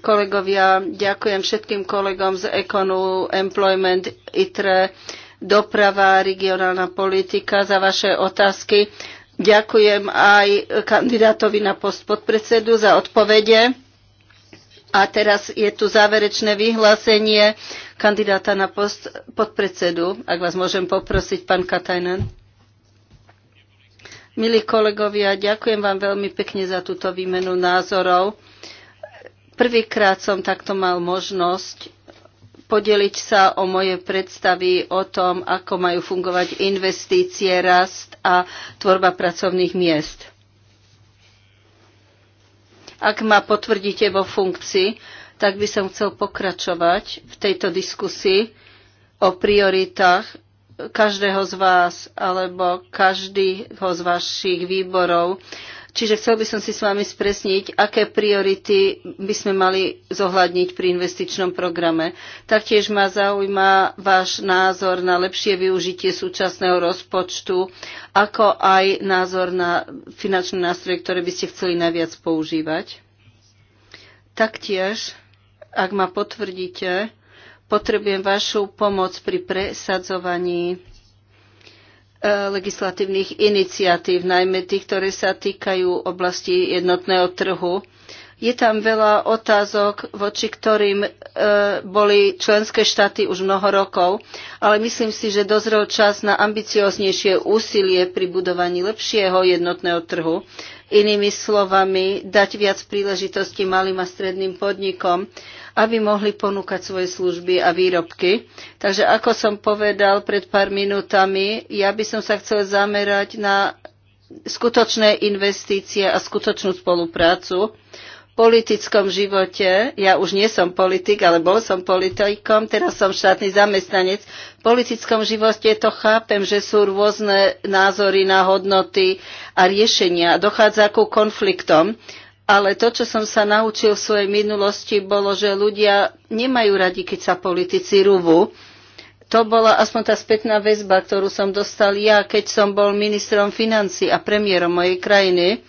Kolegovia, ďakujem všetkým kolegom z Ekonu, Employment, ITRE, doprava, regionálna politika za vaše otázky. Ďakujem aj kandidátovi na post podpredsedu za odpovede. A teraz je tu záverečné vyhlásenie kandidáta na post podpredsedu. Ak vás môžem poprosiť, pán Katajnen. Milí kolegovia, ďakujem vám veľmi pekne za túto výmenu názorov. Prvýkrát som takto mal možnosť podeliť sa o moje predstavy o tom, ako majú fungovať investície, rast a tvorba pracovných miest. Ak ma potvrdíte vo funkcii, tak by som chcel pokračovať v tejto diskusii o prioritách každého z vás alebo každého z vašich výborov Čiže chcel by som si s vami spresniť, aké priority by sme mali zohľadniť pri investičnom programe. Taktiež ma zaujíma váš názor na lepšie využitie súčasného rozpočtu, ako aj názor na finančné nástroje, ktoré by ste chceli najviac používať. Taktiež, ak ma potvrdíte, potrebujem vašu pomoc pri presadzovaní E, legislatívnych iniciatív, najmä tých, ktoré sa týkajú oblasti jednotného trhu. Je tam veľa otázok, voči ktorým e, boli členské štáty už mnoho rokov, ale myslím si, že dozrel čas na ambicioznejšie úsilie pri budovaní lepšieho jednotného trhu. Inými slovami, dať viac príležitosti malým a stredným podnikom, aby mohli ponúkať svoje služby a výrobky. Takže ako som povedal pred pár minútami, ja by som sa chcel zamerať na skutočné investície a skutočnú spoluprácu politickom živote, ja už nie som politik, ale bol som politikom, teraz som štátny zamestnanec. V politickom živote to chápem, že sú rôzne názory na hodnoty a riešenia. Dochádza ku konfliktom. Ale to, čo som sa naučil v svojej minulosti, bolo, že ľudia nemajú radi, keď sa politici rúvu. To bola aspoň tá spätná väzba, ktorú som dostal ja, keď som bol ministrom financí a premiérom mojej krajiny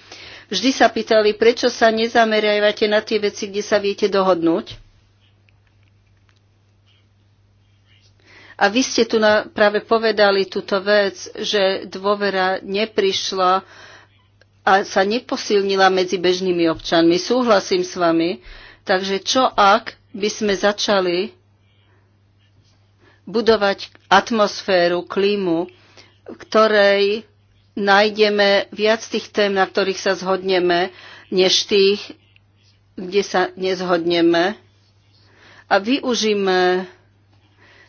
vždy sa pýtali, prečo sa nezameriavate na tie veci, kde sa viete dohodnúť. A vy ste tu na, práve povedali túto vec, že dôvera neprišla a sa neposilnila medzi bežnými občanmi. Súhlasím s vami. Takže čo ak by sme začali budovať atmosféru, klímu, v ktorej nájdeme viac tých tém, na ktorých sa zhodneme, než tých, kde sa nezhodneme. A využíme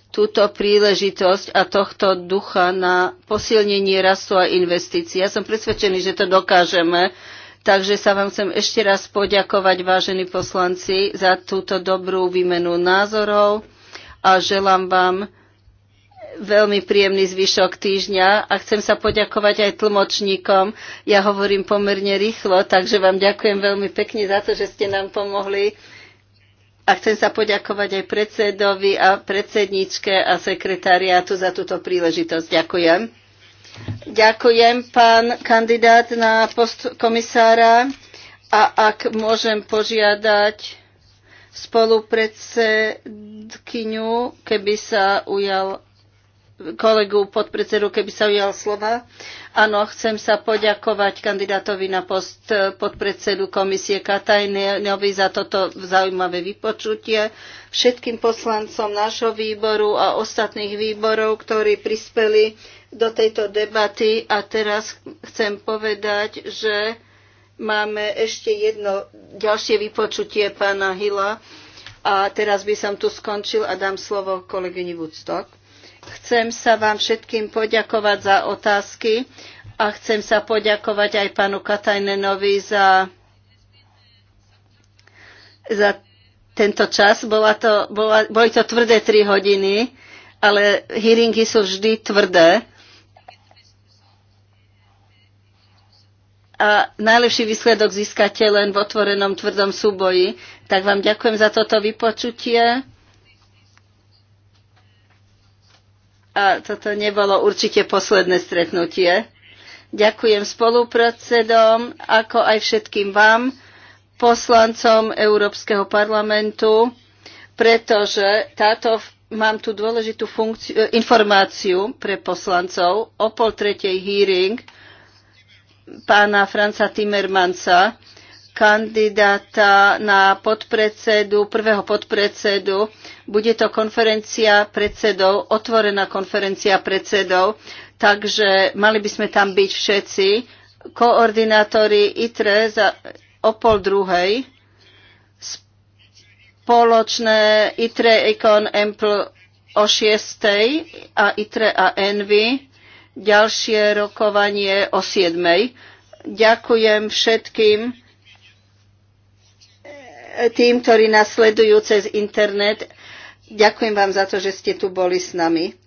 túto príležitosť a tohto ducha na posilnenie rastu a investícií. Ja som presvedčený, že to dokážeme. Takže sa vám chcem ešte raz poďakovať, vážení poslanci, za túto dobrú výmenu názorov a želám vám veľmi príjemný zvyšok týždňa a chcem sa poďakovať aj tlmočníkom. Ja hovorím pomerne rýchlo, takže vám ďakujem veľmi pekne za to, že ste nám pomohli. A chcem sa poďakovať aj predsedovi a predsedničke a sekretariátu za túto príležitosť. Ďakujem. Ďakujem, pán kandidát na post komisára. A ak môžem požiadať spolupredsedkyňu, keby sa ujal kolegu podpredsedu, keby sa ujal slova. Áno, chcem sa poďakovať kandidátovi na post eh, podpredsedu komisie Katajnovi za toto zaujímavé vypočutie, všetkým poslancom nášho výboru a ostatných výborov, ktorí prispeli do tejto debaty. A teraz chcem povedať, že máme ešte jedno ďalšie vypočutie pána Hila. A teraz by som tu skončil a dám slovo kolegyni Woodstock. Chcem sa vám všetkým poďakovať za otázky a chcem sa poďakovať aj pánu Katajnenovi za, za tento čas. Bola to, bola, boli to tvrdé tri hodiny, ale hearingy sú vždy tvrdé. a najlepší výsledok získate len v otvorenom tvrdom súboji. Tak vám ďakujem za toto vypočutie. a toto nebolo určite posledné stretnutie. Ďakujem spolupracedom, ako aj všetkým vám, poslancom Európskeho parlamentu, pretože táto, mám tu dôležitú funkciu, e, informáciu pre poslancov o pol tretej hearing pána Franca Timmermansa, kandidáta na podpredsedu, prvého podpredsedu. Bude to konferencia predsedov, otvorená konferencia predsedov, takže mali by sme tam byť všetci. Koordinátori ITRE za, o pol druhej, spoločné ITRE Econ Empl o šiestej a ITRE a ENVY, ďalšie rokovanie o siedmej. Ďakujem všetkým tým, ktorí nás sledujú cez internet. Ďakujem vám za to, že ste tu boli s nami.